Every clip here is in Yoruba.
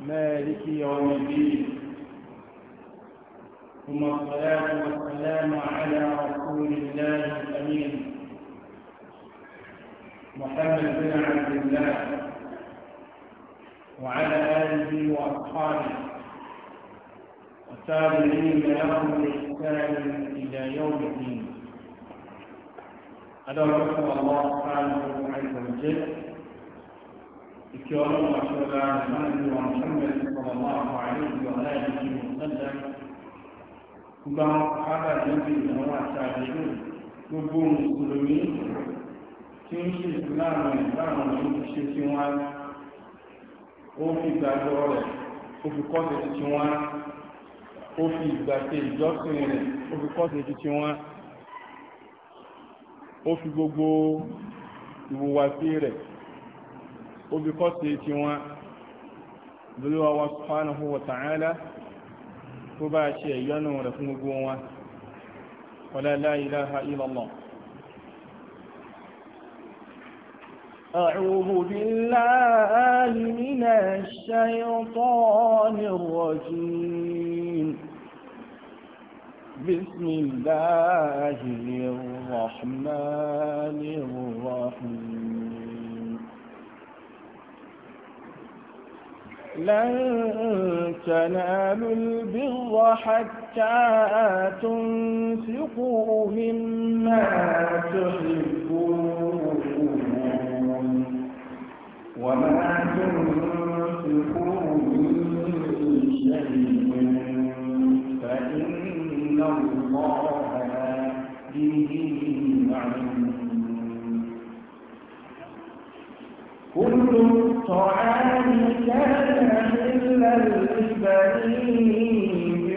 مالك يوم الدين ثم الصلاة والسلام على رسول الله الأمين محمد بن عبد الله وعلى آله وأصحابه والتابعين لهم بإحسان إلى يوم الدين أدعو الله سبحانه وتعالى ìkí ọlọ́run àti ọ̀la ìmáàlú wa Muhammad sallallahu alaihi wa alihi wa sallam gba ara níbi ìnáwó àti àdéhùn gbogbo mùsùlùmí tí ń ṣe ìsìláàmù ìsìláàmù ní ṣe tí wọ́n ó fi gbàgbọ́ fi ìjọsìn fi fi gbogbo obìkọ́sí tí wọ́n lóríwá wa subhanahu wa ta'ala ko bá ce yanu da fún gbogbo wọn wala la ilaha illallah أعوذ بالله من الشيطان الرجيم بسم الله الرحمن الرحيم لن تنالوا البر حتى تنفقوا مما تحبون وما تنفقوا من شيء فإن الله به عليم كل الطعام كان حلا لبني إسرائيل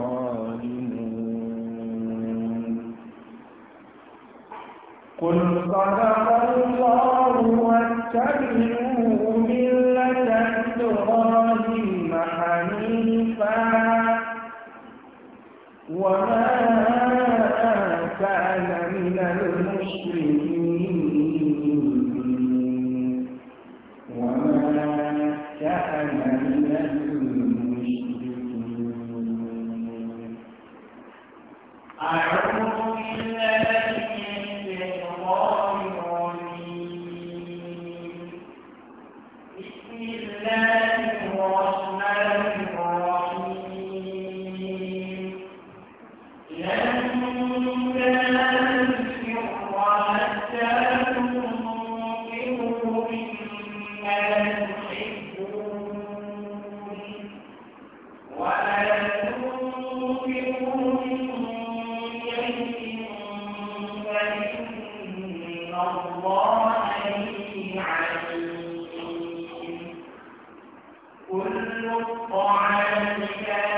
قل صدق الله واتبعوا ملة إبراهيم حنيفا وما كل الطعام كان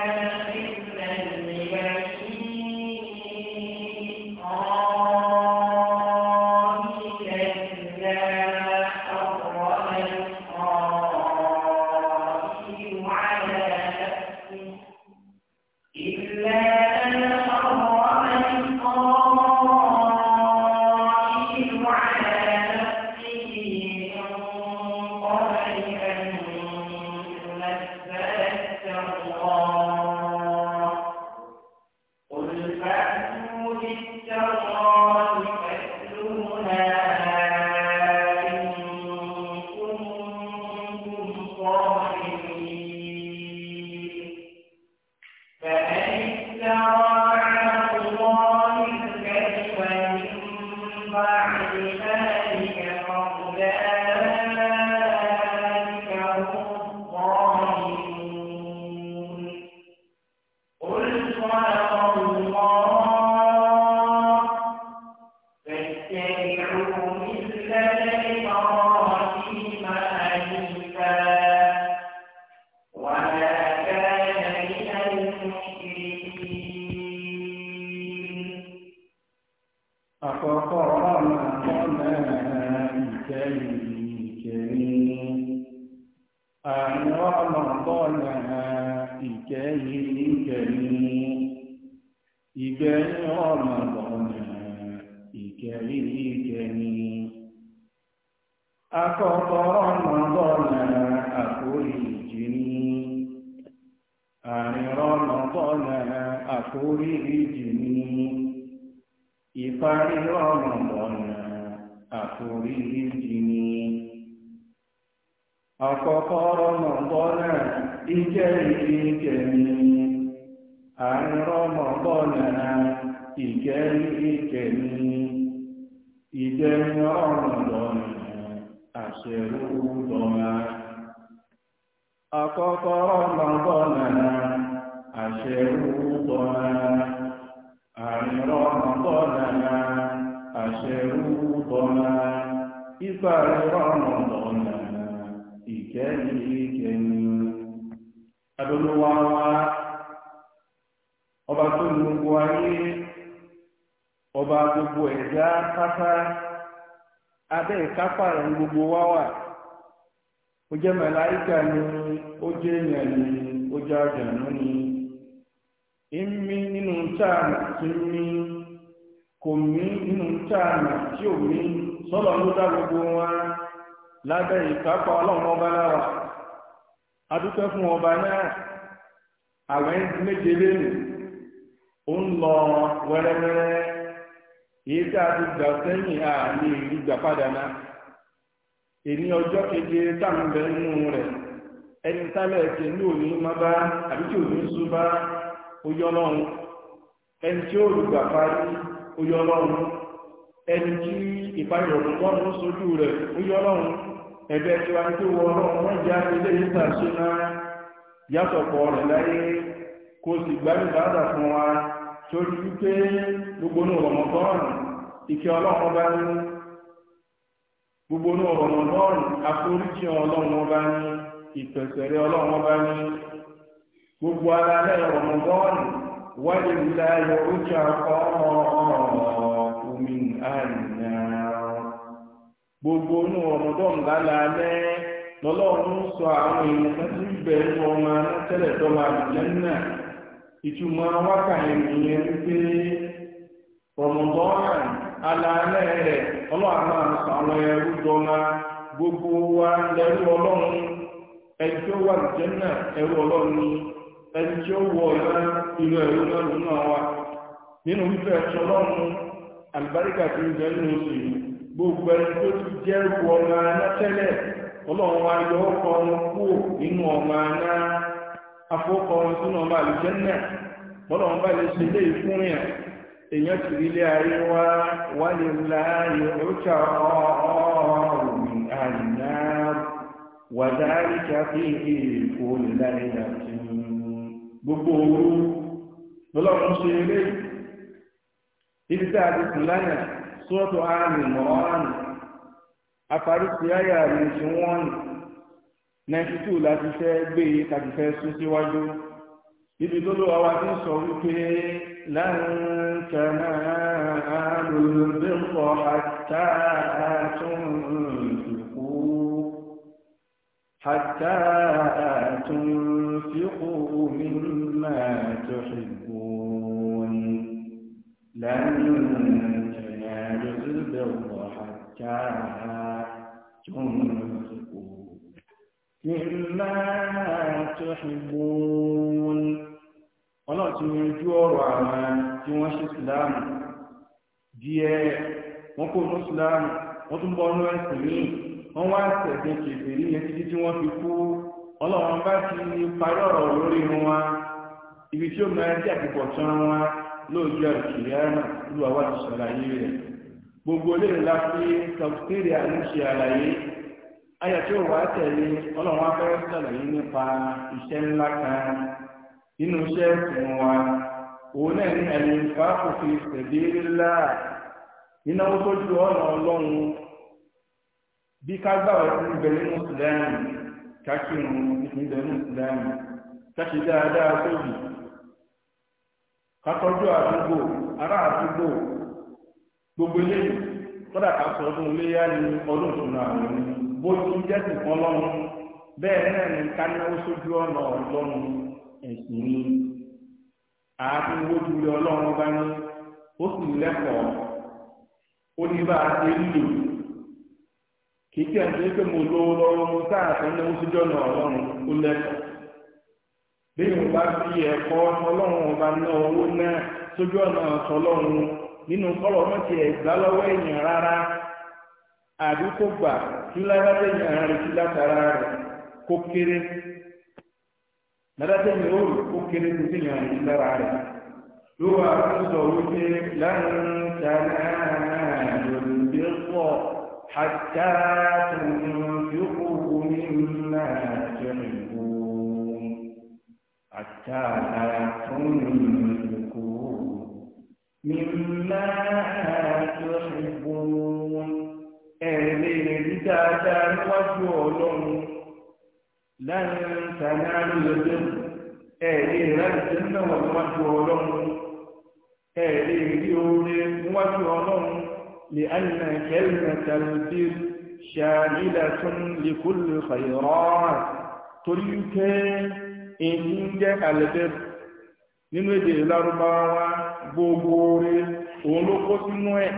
ìkẹyìn ìkẹyìn ìgbẹ̀yìn ọ̀nà lọ́nà ìkẹyìn ìkẹyìn akọ́kọ́ ọ̀nà lọ́nà àkórí ìjìní àrìnrọ̀nà lọ́nà àkórí ìjìní ìparí ọ̀nà lọ́nà àkórí ìjìní àkọ́kọ́ rọmọbọ́nà ìjẹ́ ìkẹ́mi àárín rọmọbọ́nà ìjẹ́ ìkẹ́mi ìjẹun rọmọbọ́nà àṣẹrú dọ́nà àkọ́kọ́ rọmọbọ́nà àṣẹrú dọ́nà àárín rọmọbọ́nà àṣẹrú dọ́nà ìparí rọmọbọ́nà. شريك أدل وراء ọba tó ń gbogbo ayé ọba gbogbo ẹ̀dá pátá abẹ́ ìkápá rẹ̀ gbogbo wá wà ó jẹ́ màláìkà ni ó jẹ́ èèyàn ni ó jẹ́ àjànú ni ìmí nínú táàmù tí ń mí kò mí nínú táàmù tí ò mí gbogbo wọn. lábẹ́ ìkápá ọlọ́run ọba lára adúpẹ́ fún ọba náà àwẹ̀ méje lẹ́nu ó ń lọ wẹ́rẹ́wẹ́rẹ́ èyí tí a ti gbà sẹ́yìn a lè rí gbà padà náà èyí ọjọ́ keje táwọn bẹ̀ nínú rẹ̀ ẹni tálẹ̀ ẹ̀kẹ́ ní òní má bá àbí tí òní sún bá ọlọ́run ẹni tí ó lùgbà parí ọlọ́run ẹni tí sojú rẹ̀ ẹ̀bẹ̀ tí wàá tó wọ ọlọ́run wọn jẹ́ ilé yíta ṣe náà yàtọ̀ pọ̀ rẹ̀ láyé kó sì gbádùn bàdà fún wa torí wípé gbogbo ní ọ̀rọ̀mọ̀tọ́ọ̀nù ìkẹ́ ọlọ́run bá ní gbogbo ní ọ̀rọ̀mọ̀tọ́ọ̀nù àforíjì ọlọ́run bá ní ìpẹ̀sẹ̀rẹ̀ ọlọ́run bá ní gbogbo ara lẹ́yìn ọ̀rọ̀mọ̀tọ́ọ̀nù wáyé ìlà ayọ̀ ó jà ọ̀ọ́ ọ̀ọ́ omi àìyàn. gbogbo inú ọmọdọ́n gánà alẹ́ lọ́lọ́run sọ àwọn èèyàn kan bẹ̀ ń wọ ọmọ anátẹ́lẹ̀ tọ́lá àbújá ìtumọ̀ wákàtí ìyẹn wípé ọmọdọ́n alẹ́ rẹ̀ ọlọ́run sọ àwọn ẹrú gbogbo wa lẹ́rú ọlọ́run ẹni tí ó wà wọ ìlú ọlọ́run náà nínú wípé ẹ̀ṣọ́ ọlọ́run gbogbo ẹni tó ti jẹ́ ìwọ ọmọ aná tẹ́lẹ̀ ọlọ́run wa yọ ọmọ kúrò nínú ọmọ aná afọ́kọ ọmọ sínú ọmọ àlùjẹ́ náà bọ́lọ́run bá lè ṣe èèyàn ti rí ilé ayé wá lè la yòókà ọ̀ọ́rùn àti gbogbo ṣe eré ibi tá a ti sùn lánàá sọ́ọ̀tù àmì mọ́ránì afárísí àyà mi ti wọ́n náìtì tù láti fẹ́ gbé e tàbí fẹ́ sún síwájú ibi tó ló wá wá ti ń sọ wípé láwọn متاعا تنفقون مما تحبون ọlọ́run ti yanjú àwọn tí wọ́n ṣe síláàmù díẹ̀ wọn kó ní síláàmù wọ́n tún bọ́ ní ẹ̀sìn míì wọ́n wá títí tí wọ́n fi kú bá ti ọ̀rọ̀ lórí ibi tí ó tán náà lù àwọn gbogbo olóyè ńlá sí tọ́kítírì àníṣe àlàyé ayọ̀ tí ó wà tẹ̀lé ọlọ́run afẹ́rẹ́ sàlàyé nípa iṣẹ́ ńlá kan nínú iṣẹ́ ẹ̀sìn wa òun náà ní ẹ̀yìn fàákùfì ṣẹ̀dí ńlá nínáwó tó ju ọ̀nà ọlọ́run bí ká gbàwé sí ibẹ̀ nínú ìpínlẹ̀ nínú dáadáa tóbi àdúgbò ará àdúgbò gbogbo ilé kódà ká sọ ọdún iléyà ní ọdún ìṣúná àwọn ẹni bó ti jẹ́ sìnkán lọ́run bẹ́ẹ̀ náà ní kánáwó sójú ọ̀nà ọ̀lọ́run ẹ̀sìn ni ààfin wojú ilé ọlọ́run bá ní ó sì lẹ́kọ̀ọ́ ó ní bá a ṣe ń lò kì í tiẹ̀ ṣe pé mo lówó lọ́wọ́ mo sáà fẹ́ náwó sójú ọ̀nà ọlọ́run ó lẹ́kọ̀ọ́ bí mo bá fi ẹ̀kọ́ ọlọ́run ọba náà owó náà sójú ọ̀nà ọ̀tọ̀ ọlọ́run nínú kọlọ ọmọ ti ẹ̀gbá lọ́wọ́ èèyàn rárá àbí kó gbà tí lágbájá èèyàn látara kó kéré kó kéré tó lára ló wà fún sọ wípé láàrin sáná pọ̀ àjá tuntun tí ó kó kó ní tuntun. mímá àtúnṣùgbọ́n ẹ̀rẹ́ rẹ̀ ní dáadáa níwájú ọlọ́run láàrin tàná lóde ẹ̀rẹ́ ìrántí náà wà níwájú ọlọ́run ẹ̀rẹ́ ìrí oore níwájú ọlọ́run lè àyìnà kẹ́rìnà tàbí ṣàlílà tún lè kúlù fàyọ̀rọ̀ torí pé èyí jẹ́ àlẹ́bẹ̀rẹ̀ nínú èdè lárúbáwá gbogbo orí òun ló kó sínú ẹ̀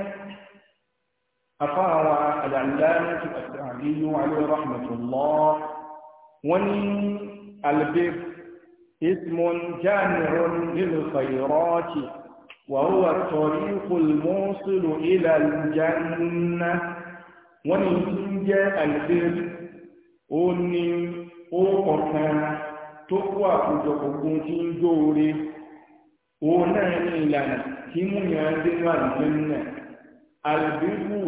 afá àwọn àdàlẹ́rù àríyún alayhi rahmatullah wọ́n ní albir ismun jamirun nínú khayrati wa huwa tariqul musilu ila aljanna wọ́n ní tí ń jẹ́ albir ó ní ó ọ̀kan tó kó àkójọ gbogbo tí ń jó orí òun náà ní ìlànà tí mú yàn án dénú àdúgbò náà àlùbíwù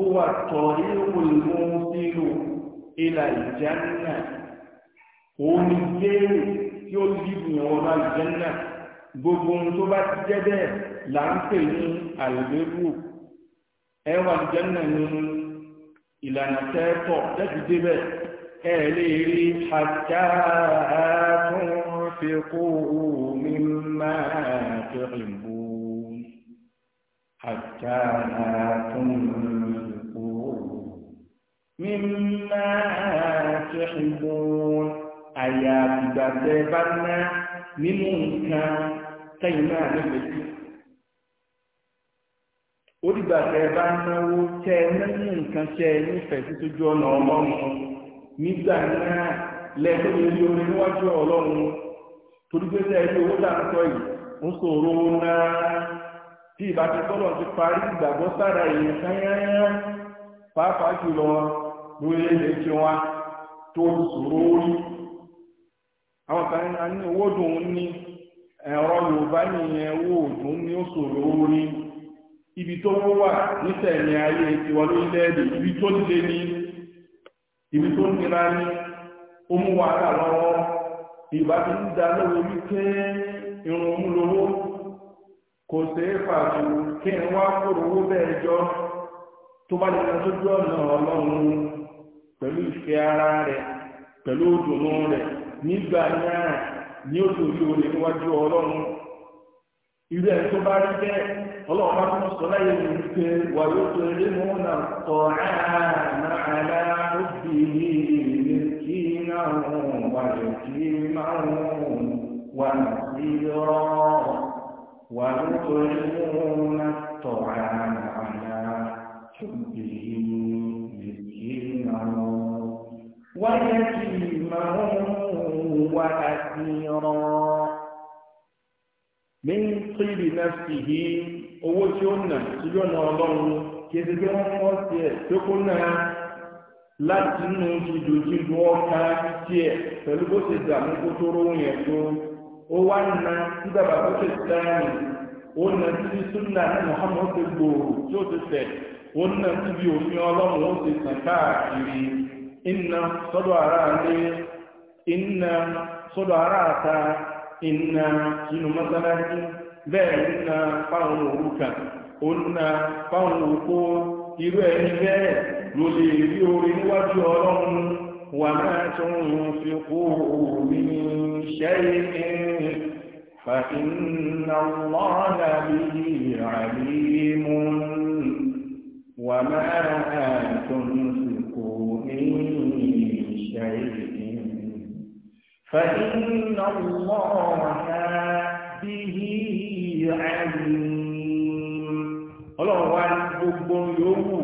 ó wà tọ̀rí olùmọ̀ sílò ìlà ìjánà òun ní léèrè tí ó dìbò yàn ọ̀rọ̀ àlùjánà gbogbo ohun tó ti jẹ́ bẹ́ẹ̀ là ń pè ní àlùbíwù ẹwà àlùjánà ní ìlànà tẹ́tọ̀ lẹ́bi débẹ̀ ẹ̀ lè وأنفقوا مما تحبون حتى لا تنفقوا مما تحبون àyàfi ìgbà منك bá ná nínú nǹkan tẹ̀yìn náà nífẹ̀ẹ́ sí. ó dìgbà bá náwó tẹ nínú nǹkan tẹ nífẹ̀ẹ́ sí tójú ọ̀nà ọlọ́run nígbà náà lẹ́tọ́ lórí níwájú ọlọ́run torí pé ṣe ẹni owó dà ń sọ yìí ń ṣòro náà tí ìbátan ti parí ìgbàgbọ́ sára èèyàn kányányá pàápàá jùlọ lórí ilé tí tó àwọn kan ní owó dùn ní ẹ̀rọ yorùbá nìyẹn owó ní ó ibi tó wà ayé ibi tó ní ibi ìbá ti ń da lọ́wọ́ wípé irun mú lówó kò ṣeé fàájú kí n wá kóró owó bẹ́ẹ̀ jọ tó bá lè lọ ọ̀nà ọlọ́run pẹ̀lú ìfẹ́ ara rẹ̀ pẹ̀lú òdùnnú rẹ̀ nígbà náà ní oṣù o níwájú ọlọ́run irú ẹ̀ tó bá rí bẹ́ẹ̀ ọlọ́run bá tún sọ láyé mi wípé wà ويتيما ونصيرا ويطعمون الطعام على حبه مسكينا ويتيما وأسيرا من طيب نفسه owó tí ó nà tí yóò láti nù jìdòjìdò ọ̀ka tiẹ̀ pẹ̀lú bó ṣe dààmú kó tó yẹn tó ó wá na tí bàbá tó ṣe sáyẹn ó na tí sunna ní Muhammad ṣe gbòòrò tí ó ti fẹ̀ ó na tí òfin ọlọ́run ó ti káàkiri iná sọ́dọ̀ ara lé iná sọ́dọ̀ ara àta iná mọ́sálásí bẹ́ẹ̀ iná na fáwọn irú ẹni bẹ́ẹ̀ ló lè rí orin níwájú ọlọ́run wà máa tún fi kú omi ṣẹ́ bí ìpín فإن الله به عليم وما تنفقوا من شيء فإن الله به عليم ọlọ́run wá ní gbogbo yòówù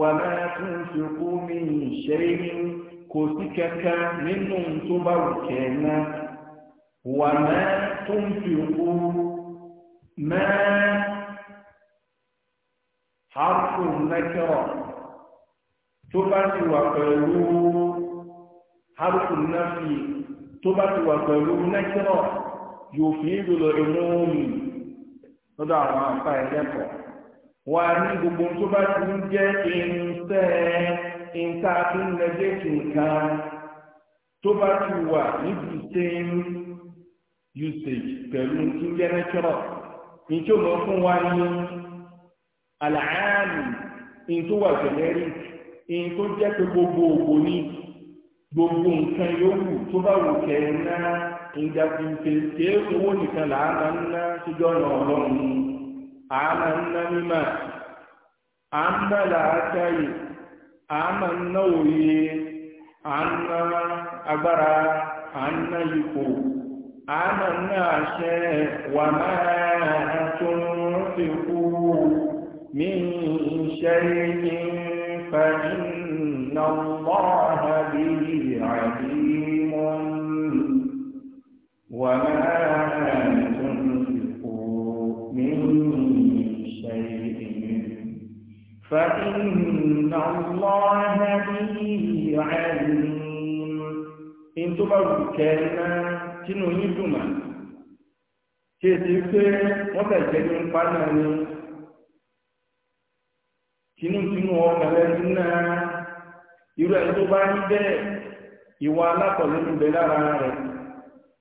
wà máa tún fi kú mi ìṣeré ní kò sí kankan nínú tó bá wù kẹ́ náà wà máa tún fi kú máa harfun nakira tó bá ti wà pẹ̀lú harfun nafi tó bá ti wà pẹ̀lú nakira yóò fi ìlú lọ ìmú mi lọ́dọ̀ àwọn àpá ẹ̀kẹ́kọ̀ọ́ wà ní gbogbo tó bá ti ń jẹ́ irinṣẹ́ ìta tó ń tó bá ti wà níbi same usage pẹ̀lú tí ń jẹ́ natural ní tí mọ̀ fún wa ní àlàáàlì ní tó wà generic ní tó jẹ́ pé gbogbo ògbò ní gbogbo nǹkan yòówù tó bá wù kẹ́ ná ìdàgbìnkè kéé owó nìkan làá máa ń ná síjọ́ ọ̀nà ọlọ́run ni. عملنا الماء عمل عتاي عملنا وي عنا أبرا عنا يكو عملنا شيء وما تنفقوا من شيء فإن الله به عليم وما فإن الله به عليم إن تبروا كلمة تنو يدوما كتبت tinu tinu lẹnu náà irú ẹni tó bá ń bẹ ìwà alákọọlẹ ń bẹ lára rẹ̀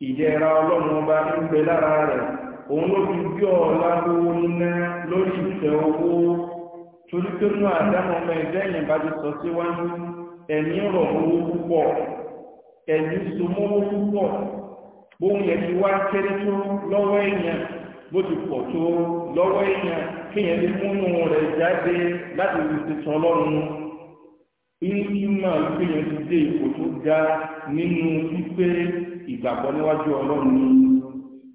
ìjẹra na ọba ń bẹ lára rẹ̀ òun ló fi bí torí pé nínú àdámọ́ ọmọ ẹgbẹ́ yẹn bá ti sọ síwájú ẹ̀mí rọ̀ owó púpọ̀ ẹ̀mí somówó púpọ̀ bóun yẹn ti wá kéré tó lọ́wọ́ èèyàn bó ti pọ̀ tó lọ́wọ́ èèyàn kéèyàn lè múnú rẹ̀ jáde láti fi ti tọ́ lọ́rùn ìmọ̀ ìpéyàn ti dé ipò tó ga nínú wípé ìgbàgbọ́ níwájú ọlọ́run ni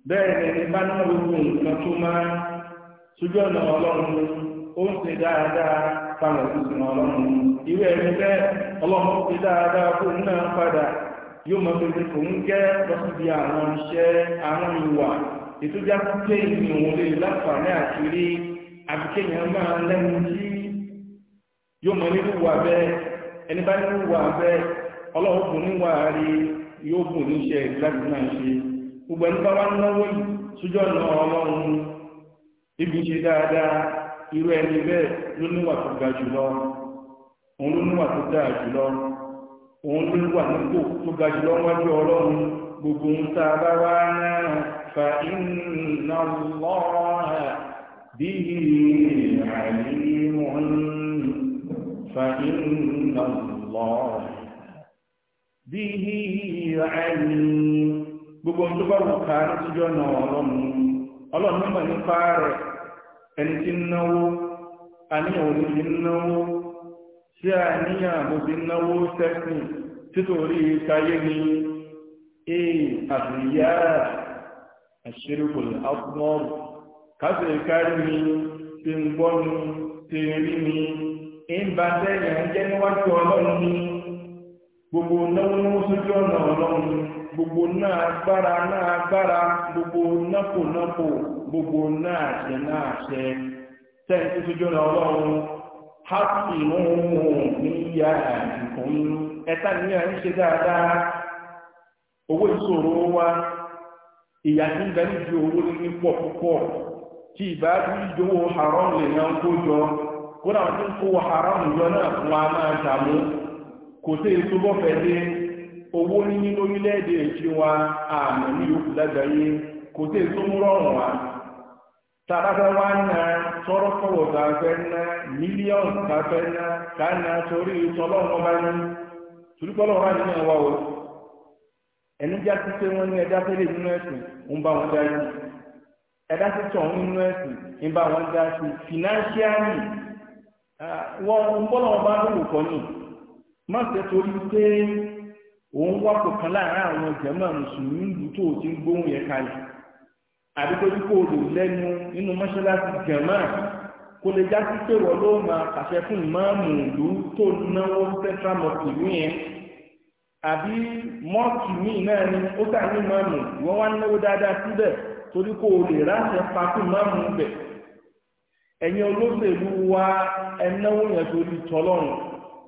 bẹ́ẹ̀ ni bá náà gbogbo nǹkan tó máa sójú ọ̀nà ọlọ́run ni ó ń se dáadáa táwọn ìlú ọlọ́run irú ẹni bẹ́ẹ̀ ọlọ́run ṣe dáadáa fún náà padà yóò mọ pé kò ń gẹ́ lọ́sibí àwọn iṣẹ́ àwọn ìwà ìtújá pé ìrìn òun lè láǹfààní àṣírí àbíkéyàn máa mọ nínú bẹ́ẹ̀ ẹni bá nínú bẹ́ẹ̀ ọlọ́run kò ní wà rí yóò ṣe gbogbo ibi ṣe dáadáa irú ẹni bẹ́ẹ̀ ló níwà tó ga jùlọ òun ló níwà tó dáa jùlọ òun ló níwà nípò tó ga jùlọ wájú ọlọ́run gbogbo ń tá bá wá náà fa inna Allah bihi alimun fa inna Allah bihi gbogbo ń tó bá wù ká ọlọ́run ọlọ́run nípa ẹni tí ń náwó àníyàn òní ti ń náwó tí àníyàn mo ti náwó sẹ́sìn títorí káyé ni ee àbíyá àṣírí kò lè ápùmọ́rù kásìrì ti ń gbọ́ ti rí mi ń jẹ́ níwájú ọlọ́run mi. gbogbo náà ní wọ́n sójú ọ̀nà gbogbo náà agbára náà agbára gbogbo nápò gbogbo náà àṣẹ náà àṣẹ tẹ́yìn tó sójú ọ̀nà ọlọ́run hápì ìfún ń ṣe dáadáa owó ìṣòro wa ń owó ní tí ìbá jọ kó náà tó ń kó jọ náà fún wa kò sí èso fẹ́ dé owó níní lórílẹ̀-èdè wa àmì ní yòókù lágbàáyé kò sí èso mú wa tàbátà wá ná tọrọkọwọ tá a fẹ́ ná fẹ́ ná ká ná torí tọlọ́run bá ní tùdúkọ́lọ́run bá nínú ẹ̀wá o ẹni já ní ẹja tẹ́lẹ̀ nínú ẹ̀sìn ń bá wọn dá ẹ̀dá nínú ẹ̀sìn má tori torí pé òun wákò kan láàárín àwọn jẹ̀mọ́ mùsùlùmí tó ti ń gbóhùn yẹn kalẹ̀ àbí torí o lò lẹ́nu nínú mọ́ṣáláṣí jẹ̀mọ́ kò lè jásí pé wọ́n ló máa pàṣẹ fún ìmáàmù ìlú tó náwó central mosque yẹn àbí mọ́ọ̀kì míì náà ni ó tà ní ìmáàmù wọ́n wá náwó dáadáa síbẹ̀ torí kó pa fún ìmáàmù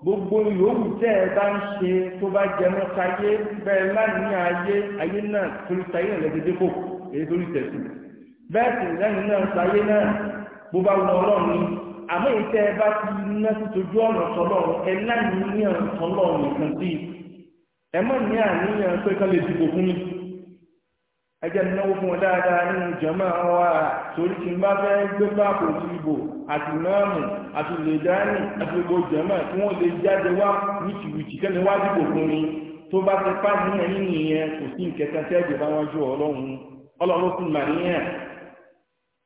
gbogbo yòówù tẹ́ ẹ bá ń ṣe tó bá jẹ mọ́ sáyé bẹ́ẹ̀ láìní ayé ayé náà torí sáyé náà lẹ́dẹ́dẹ́ kò èyí torí tẹ̀sí bẹ́ẹ̀ sì lẹ́yìn náà sáyé náà bó bá wọ ọlọ́run ni àmọ́ èyí tẹ́ ẹ bá ti ná sí tojú ọ̀nà ẹ láìní ní ọ̀nà sọlọ́run nìkan sí ẹ mọ̀ ní àníyàn pé kán lè dìbò fún mi ẹjẹ́ náwó fún dáadáa nínú jẹ́mọ́ wa torí tí bá fẹ́ gbé pápò sí ibò àti náàmù àti lèdání àti gbogbo jẹ́mọ́ tí wọ́n lè jáde wá wìtìwìtì tẹ́ni wá dìbò fún mi tó bá ti pa nínú ẹni nìyẹn kò sí nkẹta tẹ́ẹ̀dì bá wọn ju ọlọ́run ọlọ́run fún màníyàn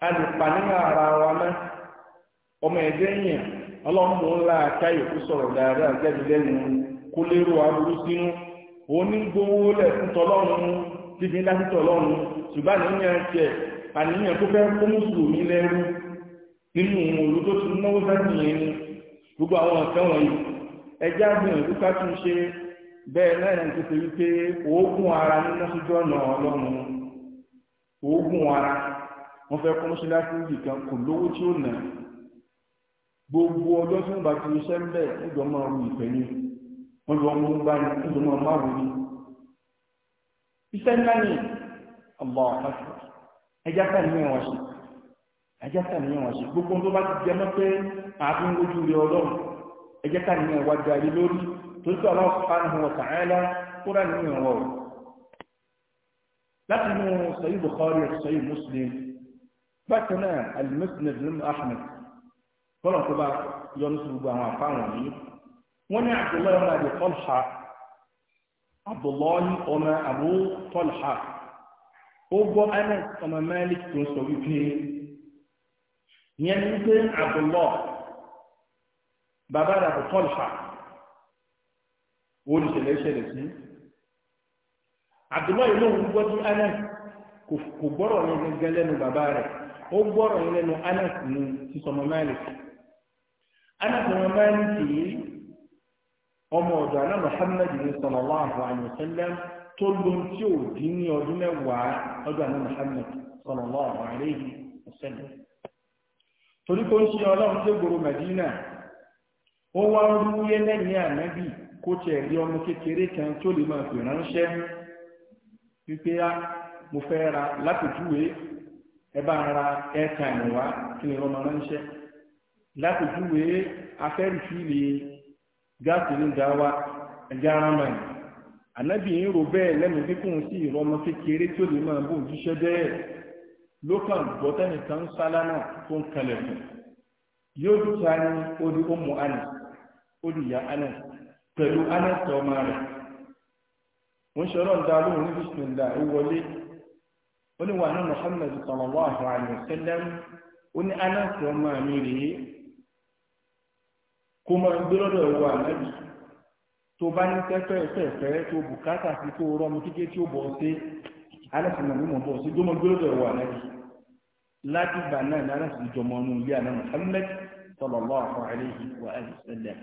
a lè pa nínú ara wa mọ́ ọmọ ẹ̀dẹ́ yẹn ọlọ́run ńlá káyọ̀ kó sọ̀rọ̀ dáadáa jáde fífi ńlá títọ̀ lọ́run ṣùgbọ́n àníyàn tiẹ̀ àníyàn tó fẹ́ kó mùsùlùmí lẹ́rú nínú òru tó ti náwó sẹ́yìn ni gbogbo àwọn ọ̀sẹ̀ wọ̀nyí ẹjẹ́ àgbìyànjú ká tún ṣe bẹ́ẹ̀ náà ní tètè wípé òógùn ara nínú sójú ọ̀nà ọlọ́run òógùn ara wọ́n fẹ́ kọ́ mọ́ṣẹ́ láti ìdí kan kò lówó tí ó nà gbogbo ọjọ́ tí wọ́n bá ti ṣiṣẹ́ iṣẹ́ ńlá ni ọ̀bọ̀ ọ̀fẹ́ ẹja sàmì wọn ṣe ẹja sàmì wọn ṣe gbogbo tó bá ti jẹ mọ́ pé ààfin ojú rẹ ọlọ́run ẹja sàmì wọn wá darí lórí torí pé Allah subhanahu wa ta'ala kúrò nínú ìwọ̀ rẹ̀ láti inú sọ̀yìn Bukhari sọ̀yìn Muslim bákan náà al-Musnad ibn Ahmad tó bá yọ ní sọ àwọn àfáwọn yìí wọ́n ní Abdullahi abdullahi ọmọ abu tolha ó gbọ́ anas ọmọ malik tó sọ wípé yẹn ní pé abdullahi bàbá rẹ̀ abu tolha wọ́n ìṣẹ̀lẹ̀ ìṣẹ̀lẹ̀ sí abdullahi lóhun gbọ́ sí anas kò gbọ́rọ̀ yẹn gẹ́gẹ́ lẹ́nu bàbá rẹ̀ ó gbọ́rọ̀ yẹn lẹ́nu anas ní sísọmọ malik anas ọmọ malik yìí ọmọ ọ̀dọ̀ àná Muhammad ní sallallahu alaihi wasallam tó ló ń tí ò dín ní ọdún mẹ́wàá ọdún àná Muhammad sallallahu alaihi wasallam. torí kó ń ṣe ọlọ́run tó gbòòrò Madina ó wá ń rú yẹ́lẹ́yìn ànábì kó tiẹ̀ rí ọmọ kékeré kan tó lè máa pè ránṣẹ́ wípé á ah, mo fẹ́ ra lápèjúwe ẹ bá ra airtime wá kí ni ọmọ ránṣẹ́ lápèjúwe afẹ́rìfìlì gáàsì ní ìdá wa ẹja ara mọ̀ ẹ̀ ànábì ń rò bẹ́ẹ̀ lẹ́nu kíkún sí ìrọ̀ ọmọ kékeré tó lè máa bó òjíṣẹ́ bẹ́ẹ̀ ló kàn gbọ́ tẹ́nìkan ń sálámà tó ń kalẹ̀ fún yóò dúkìá ní ó di ọmọ àná ó di ìyá àná pẹ̀lú àná tọ́ ọmọ rẹ̀ wọ́n ṣe ọlọ́run dáa lóhùn ní bisimilá wọlé ó ní wà ní sallallahu alayhi wa sallam ó ní àná tọ́ ọmọ mi rèé kó mọ gbé lọ́dọ̀ ìwà ànábì tó bá ní tẹ́fẹ́ ìfẹ́fẹ́ tó bùkátà sí tó rọmọ kíké tí ó bọ̀ sí alẹ́sìn náà mímọ̀ bọ̀ sí tó mọ gbé lọ́dọ̀ ìwà ànábì láti ìgbà náà ní alẹ́sìn ìjọmọ inú ilé àná Muhammad sallallahu alaihi wa alihi wasallam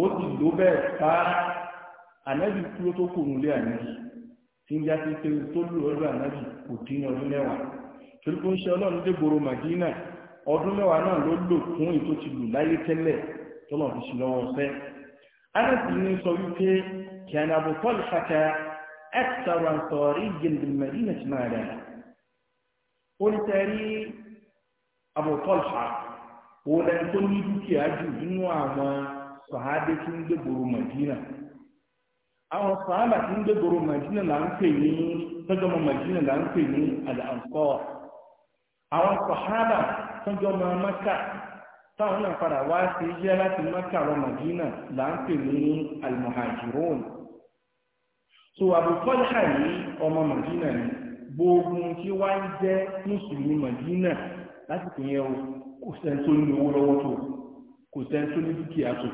ó sì ló bẹ́ẹ̀ pa ànábì kúrò tó kù nílé ànábì tí ń jáde pé tó lù lọ́dọ̀ ànábì kò dín ní ọdún mẹ́wàá torí pé ń ṣe ọlọ́run dé gbòòrò Màdínà ọdún mẹ́wàá náà ló lò fún ètò láyé tẹ́lẹ̀ tọ́lọ̀ fi ṣe lọ́wọ́ ọ̀fẹ́ arẹ́sì ní sọ wípé kìánà Abu Talhata ẹ̀tàrà sọ̀rí gẹ̀lẹ̀ mẹ́rin ti máa rẹ̀ ó ní tẹ́rí Abu Talha òun ẹni tó ní dúkìá jù nínú àwọn sàhábé tí ń gbégboro Madina àwọn sàhábà tí ń gbégboro Madina là ń pè ní tọ́jọ́mọ Madina là ń pè ní al àwọn sàhábà tọ́jọ́mọ Maka táwọn náà padà wá sí iṣẹ́ láti mẹ́kà lọ màdínà là ń pè ní almuhajirun so àbùfọ́lá yìí ọmọ màdínà ni gbogbo tí wá ń jẹ́ mùsùlùmí màdínà lásìkò yẹn o kò sẹ́ni ní owó lọ́wọ́ tó kò sẹ́ni ní dúkìá tó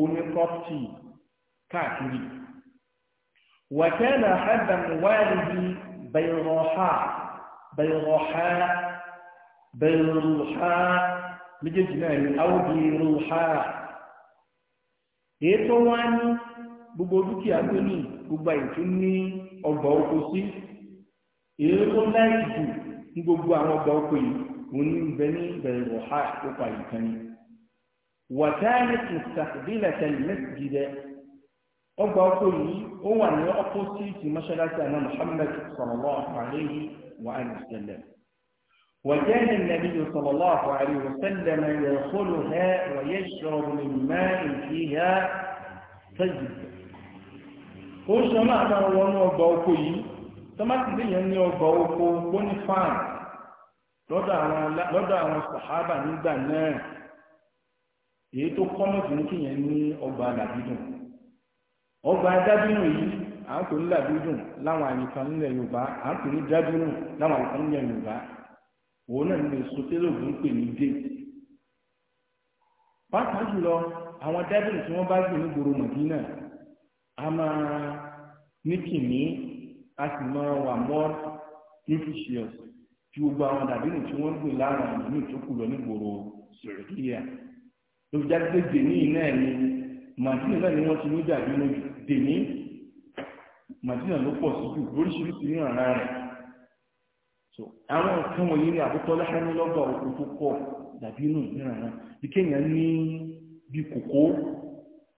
ó ní property káàkiri wàkẹ́nà àdàm wáyé bẹ̀rọ̀há bẹ̀rọ̀há bẹ̀rọ̀há. méjèèjì náà ni áwòdì rúhà èyí tó wá ní gbogbo dúkìá tó gbogbo àìtú ní ọgbà oko sí èyí láì jù ní gbogbo àwọn ọgbà oko yìí òun ní bẹ ní bẹ̀rẹ̀ rúhà tó pa ìkan ni wàtáàlì tẹ̀lé ọgbà oko yìí ó wà ní mọ́ṣáláṣí àná wa وكان النبي صلى الله عليه وسلم يدخلها ويشرب من ماء فيها سجد oṣù náà máa wọnú ọgbà oko yìí tọ́mátì léèyàn ní ọgbà oko bonifan lọ́dọ̀ àwọn sàhábà nígbà náà èyí tó kọ́mọ̀tì ní kíyàn ní ọgbà làbídùn ọgbà dábínú yìí à ń pè ní làbídùn láwọn àyíká nílẹ̀ yorùbá à ń pè ní láwọn òun náà ní oṣù tí lóògùn ń pè ní déètì pàápàá jùlọ àwọn dábìlì tí wọ́n bá gbé ní gbòòrò mọ̀dínà a máa ní kìnní a sì máa wà mọ́ nutritious ju gbogbo àwọn dàbílì tí wọ́n gbé lára àmì ìtókù lọ ní gbòòrò sòrìkìlíà lóbi dèní náà ni màdínà náà ni wọ́n ti ní dàbí ní dèní màdínà ló pọ̀ sí jù lóríṣiríṣi ní ọ̀rá rẹ̀. so àwọn nǹkan wọ̀nyí ni àbútọ́ lẹ́hánú lọ́gbà òkú tó pọ̀ dàbí inú ìran náà bí kéèyàn ní bí kòkó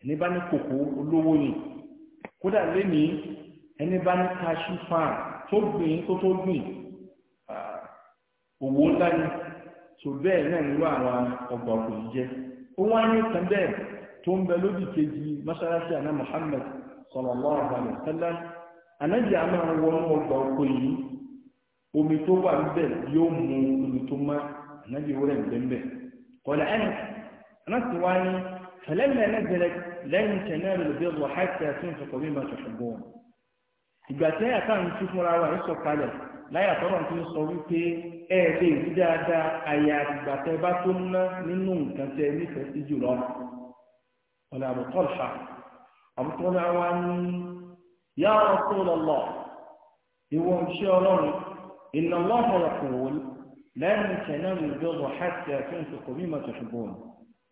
ẹni ni kódà lénìí ẹni bá ní kaṣú fan tó gbìn tó tó gbìn òwò ńlá ni tó bẹ́ẹ̀ náà nírú àwọn ọgbà òkú yìí jẹ́ ó wá ní kan bẹ́ẹ̀ tó ń bẹ lódì kejì mọ́ṣáláṣí àná omi tó wà níbẹ̀ yóò mú omi tó má ànábì wúrẹ̀ níbẹ̀ kọ́lá ẹ̀nà anáti wá ní fẹlẹ́mì ẹ̀nẹ́gbẹ̀rẹ̀ lẹ́yìn tẹ̀lé rẹ̀ bí ọ̀rọ̀ hàìkẹ́ tó ń sọ̀kọ̀ bí màtò ṣùgbọ́n ìgbà tí ẹ̀yà táwọn ti fúnra wa ń sọ̀kalẹ̀ láyà tọ́rọ̀ tó ń sọ wípé ẹ lè rí dáadáa àyà àgbà tẹ bá tó ń ná nínú nǹkan tẹ nífẹ̀ẹ́ sí jùlọ ọ̀nà àbùtọ́lá àbùtọ́lá wa ní yàrá tó lọ ìwọ̀n iṣẹ́ ọlọ́run إن الله يقول لن تنالوا البر حتى تنفقوا مما تحبون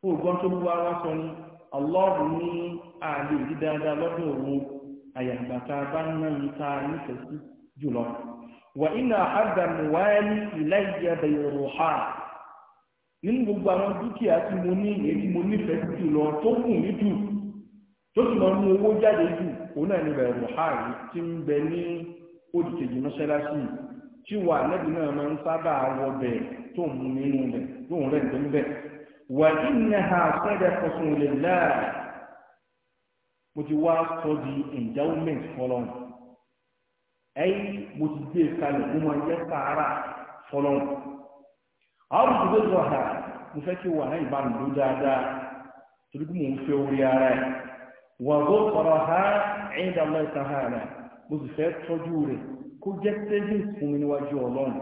فوقون تبوا وصني الله ني أعلي لدادا لدوه أيهما تابان من تاني تسي جلو وإن أحد موالي إلي بيروحا nínú gbogbo àwọn dúkìá tí mo ní èyí tí mo nífẹ̀ẹ́ sí jùlọ tó kù mí jù tó sì máa tí wà nẹ́bí náà máa ń sábà wọ bẹ̀ tó ń nínú rẹ̀ ha sẹ́dẹ̀ kọ̀sùn lè láà mo ti wá sọ di endowment ẹ̀yìn mo ti e kalẹ̀ mo máa sàárà àwọn sọ ha mo fẹ́ kí wà kó jẹ́ savings fún mi níwájú ọlọ́run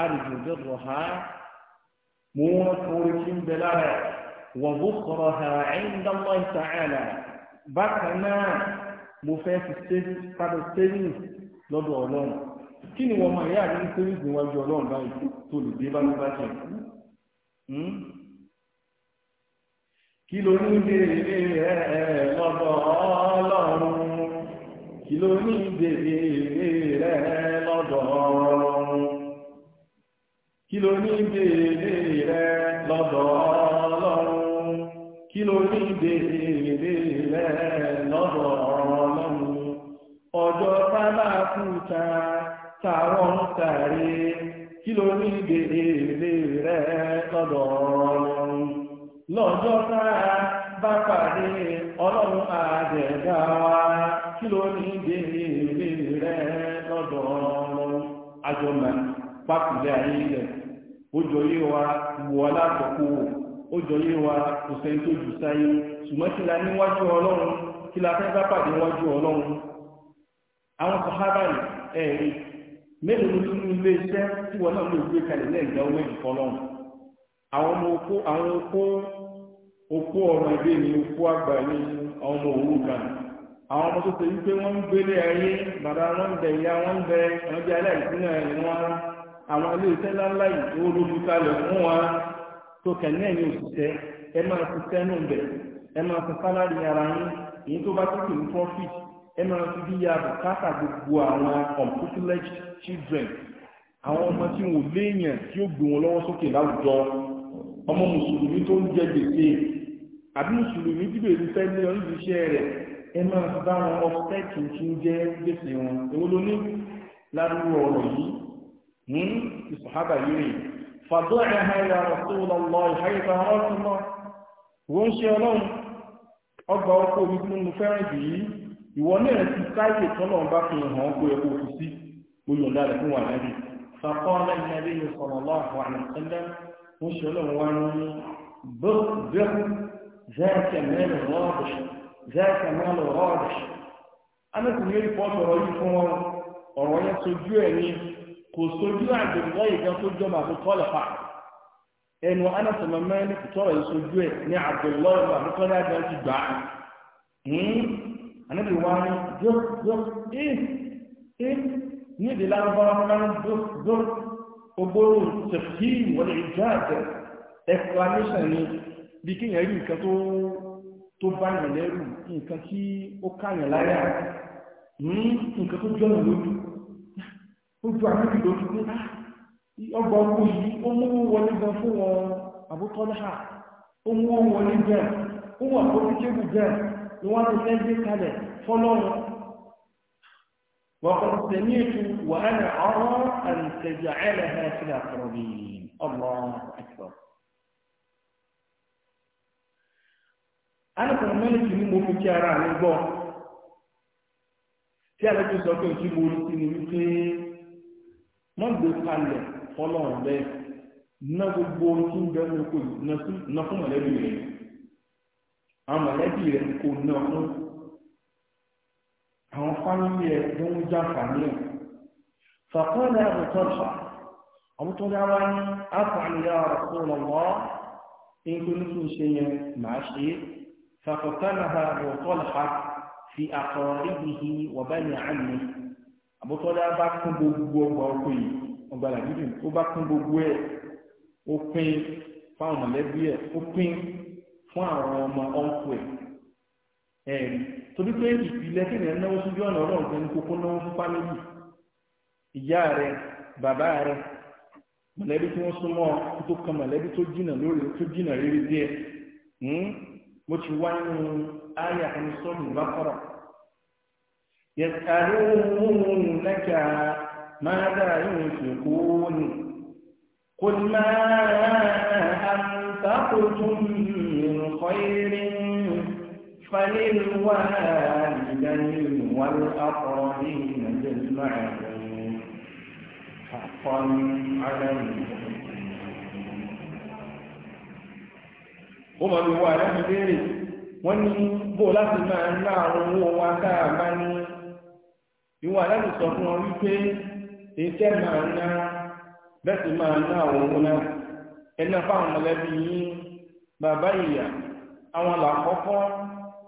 àrùjù dọ́dọ̀ ha mo ń rántí orí tí ń bẹ lára wọ́n bó sọ̀rọ̀ ha ẹ̀ńdọ́mọ́ ìtàhálà bákan náà mo fẹ́ fi sábẹ́ savings lọ́dọ̀ ọlọ́run kí ni wọ́n máa yá àdé ní níwájú ọlọ́run báyìí tó lè dé bá mi bá jẹ hmm? kí ló ní ilé ẹ ẹ lọ́dọ̀ ọlọ́run kí ló ní bèrè rẹ lọ́dọ̀ ọlọ́run kí ló ní bèrè rẹ lọ́dọ̀ ọlọ́run kí ló ní bèrè rẹ lọ́dọ̀ ọlọ́run ọjọ́ sábà kúta tààrọ̀ ń tààrí kí ló ní bèrè rẹ lọ́dọ̀ ọlọ́run lọ́jọ́ sáà bá pàdé ọlọ́run àjẹ̀dá wa kí ló ní jọ mọ pápílẹ̀ ayé ilẹ̀ ó jọ yé wa wọ alákọ̀ọ́kọ́ wò ó jọ yé wa kò sẹ́ni tó jù sáyé ṣùgbọ́n kí la níwájú ọlọ́run kí la fẹ́ bá pàdé níwájú ọlọ́run àwọn sàhábà ẹ̀rí mélòó ló ní ilé iṣẹ́ tí wọn náà lè gbé kalẹ̀ lẹ́ẹ̀gbẹ́ owó ìdìkọ́ lọ́run àwọn ọmọ oko àwọn oko oko ọ̀rọ̀ ẹgbẹ́ ni oko àgbà ni ọmọ òwúrọ̀ kan àwọn ọmọ tó ṣe wípé wọ́n ń gbélé ayé bàbá wọn ń bẹ ìyá wọn ń bẹ àwọn bí aláìsínà ẹ̀ wọn àwọn ilé iṣẹ́ ńláńlá yìí tó lójú kalẹ̀ fún wa tó kẹ̀ní ẹ̀yìn òṣìṣẹ́ ẹ máa fi sẹ́nu bẹ̀ ẹ máa fi sálárì ara yín èyí tó bá tó kì í profit ẹ máa fi bí ya bùkátà gbogbo àwọn unprivileged children àwọn ọmọ tí wọn ò léèyàn tí ó gbé wọn lọ́wọ́ sókè láwùjọ ọmọ mùsùlùmí tó ń jẹ gbèsè àbí mùsùlùmí tí bèrè fẹ́ ẹ máa bá wọn ọ̀pẹ́ẹ̀tì tí ń jẹ́ gbèsè wọn èwo ló ní ládùúgbò yìí ní yìí rè ha ìyá lọ lọ ìháyè wọn ń ṣe ọlọ́run ọgbà ọkọ̀ omi tí mo fẹ́ràn jù yìí ìwọ náà ti bá fi hàn kó sí fún wa ṣe wá ní ذاك مال راجح أنا كنت يريد رأيكم ọ̀rọ̀ yẹn sojú ẹ̀ ní kò sojú àjòjọ́ ìgbà tó jọ màbú tọ́lẹ̀ pa ẹnu anásọ̀mọ́ mẹ́rin kò tọ́lẹ̀ yìí sojú ẹ̀ ní àjòjọ́ ìgbà tó tọ́lẹ̀ àjọ ti gbà á anábì wa ní dókdó ẹ ẹ níbi lárúbáwá máa ń dókdó ogbóró tẹ̀fí wọlé ìjọ tó bá yàn lẹ́rù nǹkan tí ó káyàn láyà hmm, nǹkan tó jọ́nà lójú ó ju àmì lójú pé ah, ọgbà owó yìí ó mú wọlé gan fún wọn àbútọ́lá ó mú wọlé gan ó wà lórí tébù gan ni wọ́n ti fẹ́ gbé kalẹ̀ fọ́lọ́run وقد سمعت وانا ارى ان تجعلها في الاقربين الله اكبر alùpùpù mẹ́lìkì ni mo fi kí ara mi gbọ́ tí alẹ́kì sọ pé òtí mo rí sí ni wípé wọ́n gbé kalẹ̀ fọlọ́run bẹ́ẹ̀ ná gbogbo ohun tí ń bẹ ní oko yìí ná fún mọ̀lẹ́bí rẹ̀ àwọn mọ̀lẹ́bí rẹ̀ kò ná fún àwọn fámìlì ẹ̀ ló ń já fàmí ẹ̀ fàkọ́lẹ̀ àbùtọ́lá àbùtọ́lá wa ní àfààní yàrá fún ọ̀wọ́ nítorí kí n ṣe yẹn màá ṣe é. فقسمها أبو طلحة في أقاربه وبني عمه أبو طلحة باكم بوبو وأوكي ọgbàlà gidi ó bá kún gbogbo ẹ̀ ó pín fáwọn mọ̀lẹ́bí ẹ̀ ó pín fún àwọn ọmọ ọ̀nkù ẹ̀ ẹ̀rí torí pé ìpìlẹ̀ kéèyàn náwó sójú ọ̀nà ọlọ́run kan ní kókó náwó fún fámìlì ìyá rẹ̀ bàbá rẹ̀ mọ̀lẹ́bí tí wọ́n súnmọ́ tó kan mọ̀lẹ́bí tó jìnà lórí tó jìnà rere díẹ̀ hmm? mo ti wá nínú ayé àkànní sọ́ọ̀mù bá kọ̀rọ̀ yẹtàlóhùn máa dára yóò fi kú ni kò ní máa àǹtàkùtù nǹkan فللوالدين والأقربين بالمعروف حقا عليهم wọ́n máa lè wọ àyà mi léèrè wọ́n ní bó láti máa ná àwọn owó wa tá bá ní. sọ fún wípé iṣẹ́ máa ná bẹ́ẹ̀ máa ná àwọn owó náà fáwọn mọ̀lẹ́bí yín bàbá ìyá àwọn làkọ́kọ́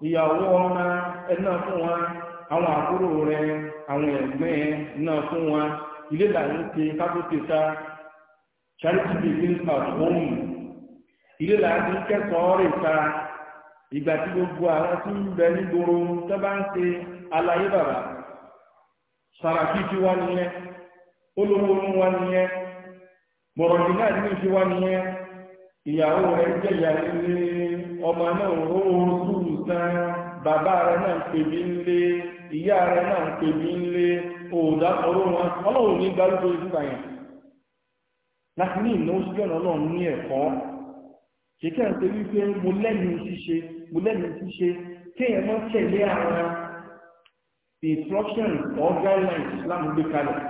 ìyàwó ọmọ fún wa àwọn rẹ àwọn ilé là ń kẹ́kọ̀ọ́ ta ìgbà tí gbogbo àwọn tí ń bẹ nígboro tó bá ń ṣe alayé bàbà sàràkí ti wá nìyẹn olówó ń wá nìyẹn mọ̀rọ̀dì náà ní ti wá nìyẹn ìyàwó rẹ̀ jẹ́ ìyàwó ilé ọmọ náà ó sùúrù sàn bàbá rẹ̀ náà ń pèbí ńlé ìyá rẹ̀ náà ń pèbí ńlé òòdà ọ̀rọ̀ wọn kìkẹ́ ń torí pé mo lẹ́nu ṣíṣe mo lẹ́nu ṣíṣe kéèyàn mọ́ tẹ̀lé ara instruction or guidelines Islam gbé kalẹ̀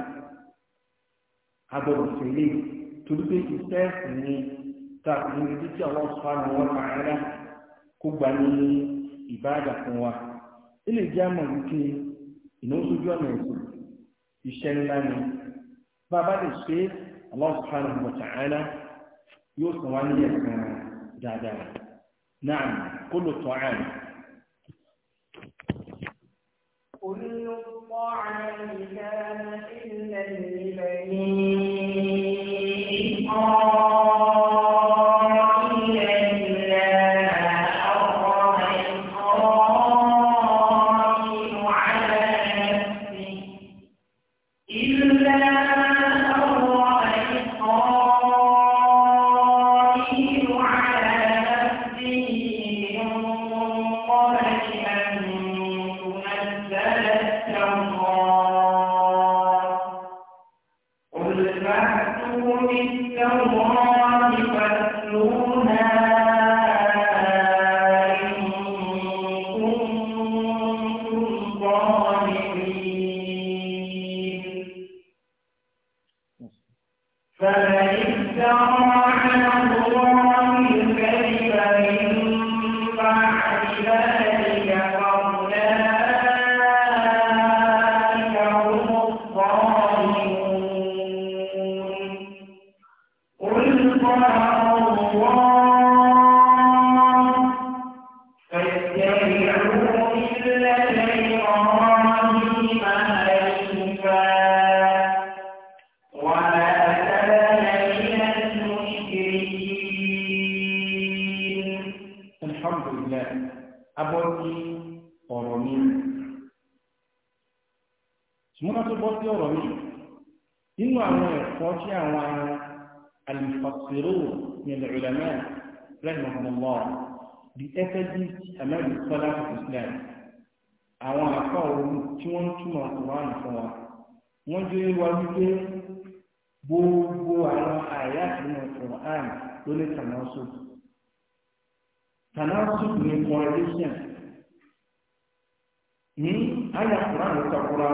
agbọ̀dọ̀ tẹ̀lé torí pé iṣẹ́ ni tàbí ní títí àwọn ọ̀sán wọn pààrà kó gba ní ìbáàdà fún wa ilé ìjà mọ̀ wípé ìnáwó sójú ọ̀nà ẹ̀sìn iṣẹ́ ńlá ni bàbá lè ṣe Allah subhanahu wa ta'ala yóò sàn wá ní ẹ̀sìn rẹ̀ dáadáa náà kó ló tọ́ àná. كل طعام كان إلا البنين islam àwọn àfa òru tí wọ́n ń túmọ̀ kùránù wa gbogbo àwọn àyà sínú kùránù ló ní tànásù tànásù ní correlation ní àyà kùránù takura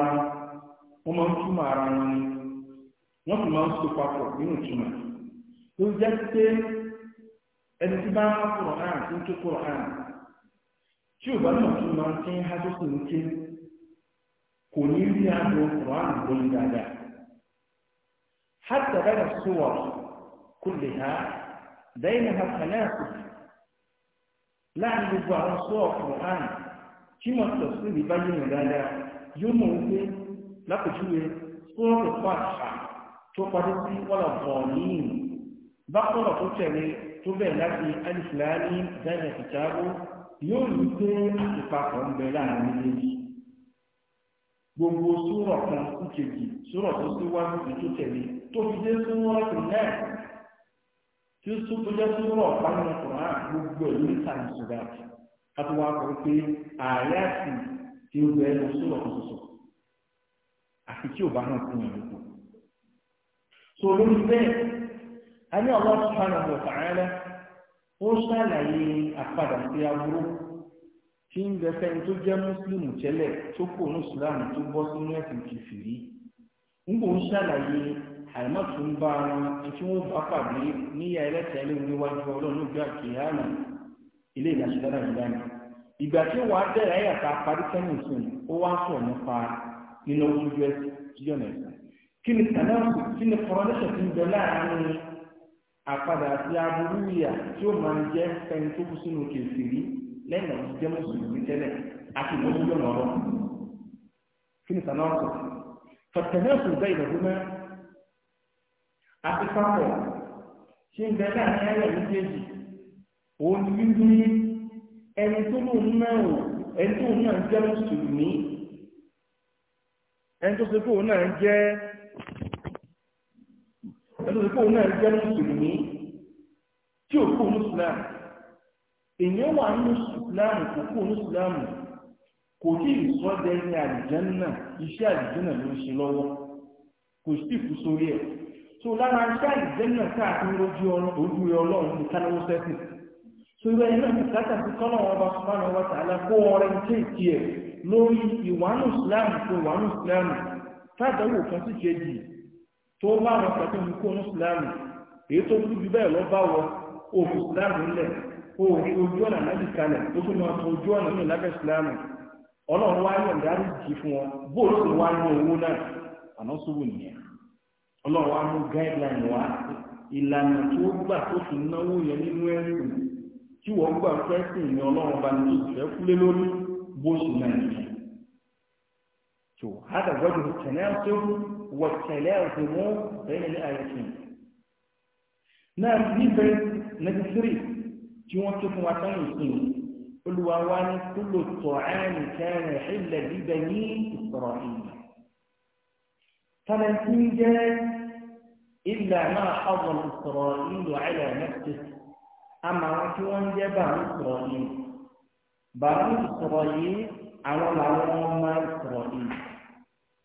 wọn máa ń ara wọn ni wọ́n sì máa ń so nínú tó tí ò bá náà tún máa tí ń hájú sí ní kí kò ní rí wa Quran le ha bee ni الصور كلها بينها تناسب láàrin gbogbo àwọn sọ́ọ̀ Quran tí mo sọ sí ní ìbáyé rẹ̀ dáadáa yóò mọ̀ wípé lápòjúwe sọ́ọ̀rọ̀ àṣà tó parí sí wọ́lọ̀ bọ̀ọ̀lìn bá kọ́ sọ̀rọ̀ tó tẹ̀lé tó bẹ̀rẹ̀ láti alifilani dáadáa ìjábọ̀ yóò rí pé ìpapọ̀ ń bẹ láàrin méjèèjì gbogbo sórọ̀ kan kúkejì sórọ̀ tó síwájú ètò tẹ̀lé tó fi dé sórọ̀ tó náà tí tó jẹ́ sórọ̀ pàmò kùrán gbogbo ẹ̀ ló ń ta ìṣúra àti pé àti tí ó bẹ tó tí ò bá hàn fún sọ ó ṣàlàyé àpadà sí aburú tí ń bẹ fẹ́ni tó jẹ́ mùsùlùmù tẹ́lẹ̀ tó kò ní ìsìláàmù tó bọ́ sínú ẹ̀sìn ń ṣàlàyé wọn tí wọ́n bá pàdé níyà ẹlẹ́sẹ̀ ilé níwájú ọlọ́run níbi àkèyàmù ilé ìdásílára ìdáni ìgbà tí wàá bẹ̀rẹ̀ ayàtà parí sẹ́yìnsìn ó wá sọ̀rọ̀ nípa nínú ojú ẹ̀sìn jíjọ́nà ẹ̀sìn kí ni kànáà kí ni àpadà àti aburú ìyà tí ó máa ń jẹ́ ẹni tó kú sínú kèfèrí lẹ́yìn àwọn ìjẹ́ mùsùlùmí tẹ́lẹ̀ àti ìwọ́n tó yọ̀nà ọ̀rọ̀ kí ni sànà ọ̀sọ̀ fẹ̀tẹ̀lẹ́ ọ̀sùn bẹ́ẹ̀ ìdọ̀gbọ́n mẹ́ àti pápọ̀ ṣé ń bẹ láàrin ẹ̀rọ méjèèjì òun ni wíwí ẹni tó lóun náà ẹni tó òun náà jẹ́ mùsùlùmí ẹni tó ṣe pé òun náà jẹ́ ẹnu tó kóun náà jẹ́ mùsùlùmí tí ò kóun islam èèyàn wà nínú islam kò kóun islam kò tí ì sọ́dẹ ní àlìjẹ́nà iṣẹ́ àlìjẹ́nà ló ń ṣe lọ́wọ́ kò sí ìkú sórí ẹ̀ tó lára iṣẹ́ àlìjẹ́nà káàkiri lójú ojú ọlọ́run ní kánáwó sẹ́sìn tó ìwé ẹni náà ní kátà sí kọ́nà wọn bá sọ́mọ́ àwọn wọ́tà alákó ọrẹ ní kéèkì ẹ̀ lórí ìwánú islam tó ìwánú islam táàdáwò kan sì kejì tó láwọn kẹtọ́ ní kó ní sùlámù èyí tó kú jù bẹ́ẹ̀ lọ bá wọ òfin sùlámù ńlẹ̀ òfin ojú ọ̀nà láti kalẹ̀ tó tún máa tó ojú ọ̀nà nínú lábẹ́ sùlámù ọlọ́run wá yọ̀ dárí jì fún wọn bóòlù sì wá ní owó náà àná sówó nìyẹn ọlọ́run wá mú guideline wá ìlànà gbà tó fi náwó yẹn nínú tí wọ́n gbà fẹ́sìn ní ọlọ́run bá ní والتلازم بين الآيتين نعم نيبل نجسري جوان تكون وطن يسين الوان كل الطعام كان حلا لبني إسرائيل فلن تنجى إلا ما حرم إسرائيل على نفسه أما جوان جبان إسرائيل بني إسرائيل على العالم إسرائيل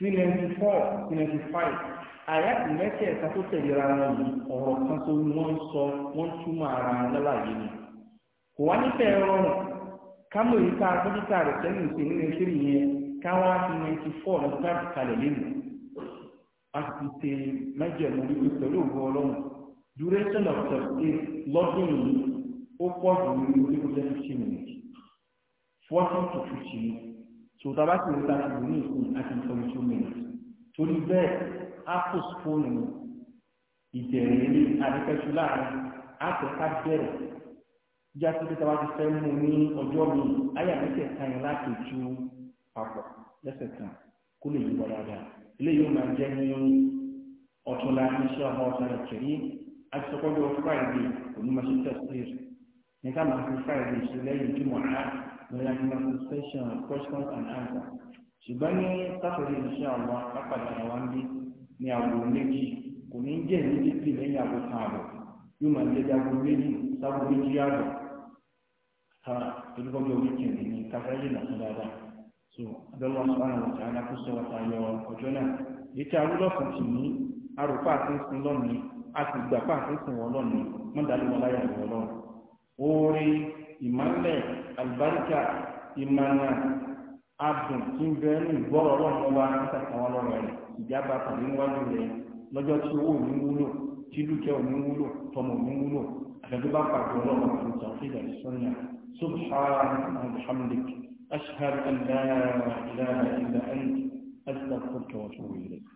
three ninety four three ninety five àyàtì mẹ́tẹ̀ẹ̀ta tó tẹ̀léra wọn yìí ọ̀rọ̀ kan tó wọ́n sọ wọ́n túmọ̀ ara lálàyé ni kò wá nífẹ̀ẹ́ rọrùn kámọ̀ èyí tá a bójútà rẹ̀ sẹ́yìn sí ní nàìjíríà yẹn káwá fi ninety four lọ sí láti kalẹ̀ lẹ́nu a ti ṣe májẹ̀mú wípé pẹ̀lú ògbó ọlọ́run duration of the state lọ́dún yìí ó pọ̀ jù ní orí kó jẹ́ fifteen minutes forty to fifty minutes sòtá bá ti rí ta ti ní ìsìn àti ìtọ́jú tó mìíràn torí bẹ́ẹ̀ apple fóònù ìjẹ̀rẹ̀ ní adékẹ́sù láàrin àtẹ̀ká bẹ̀rẹ̀ jáde pé táwa ti fẹ́ mú ní ọjọ́ mi ayé àmẹ́tẹ̀ kan yẹn láti tú papọ̀ lẹ́sẹ̀ kan kó lè yí wọlé dáa eléyìí ó máa jẹ́ ní ọ̀túnla iṣẹ́ ọmọ ọ̀tún ìkẹ̀rí àtisọ́kọ́jọ́ friday onímọ̀ṣẹ́ tẹ̀síìr ní máa fi friday ṣe lẹ́yìn jùmọ̀ náà. lọ́yà ní manifestation questions and answers ṣùgbọ́n ní sátọ̀dé iṣẹ́ àwọn apàdé àwọn ń ní méjì kò ní jẹ́ lẹ́yìn kan àbọ̀ yóò máa méjì sábò méjì àbọ̀ ha torí kọ́ bí ní so abẹ́wọ́n sọ àwọn ọ̀tá yọ ọjọ́ náà ètò ní lọ́nìí lọ́nìí láyà àlùbáríkà ìmọ̀nà adùn tí ń bẹ ní ìgbọ́rọ̀ ọlọ́run ọba nípasẹ̀ àwọn ọlọ́run rẹ̀ ìjábá pàdé níwájú rẹ̀ lọ́jọ́ tí owó mi wúlò tí dúkìá mi wúlò tọmọ mi wúlò àtẹ̀tẹ̀ bá pàdé ọlọ́run ọba ní tàwíìdì àdìsọ́nìyà subhanaka alhamdik ashhadu an la ilaha illa anta astaghfiruka wa atubu ilayk